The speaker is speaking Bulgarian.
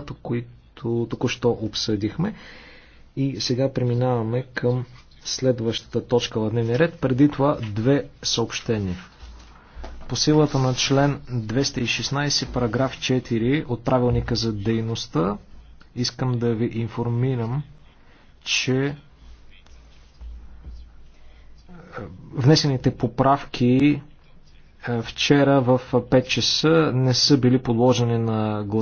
доклада, които току-що обсъдихме. И сега преминаваме към следващата точка в дневния ред. Преди това две съобщения. По силата на член 216, параграф 4 от правилника за дейността, искам да ви информирам, че е, внесените поправки е, вчера в 5 часа не са били подложени на гласа.